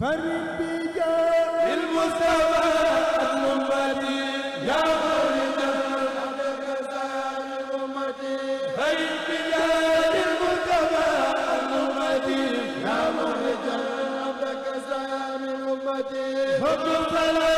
Abdul Salam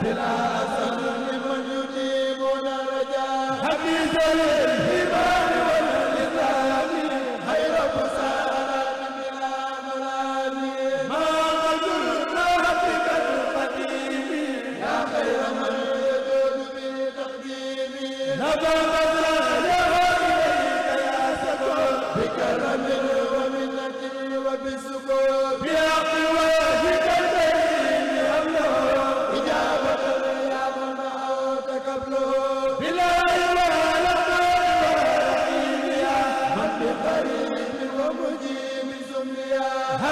bila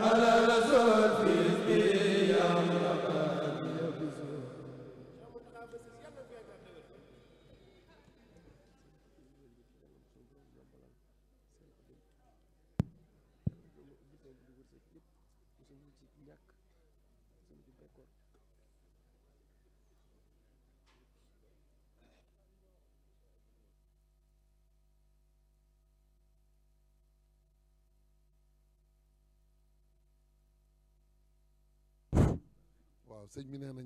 ñàkk sëñ bi nee na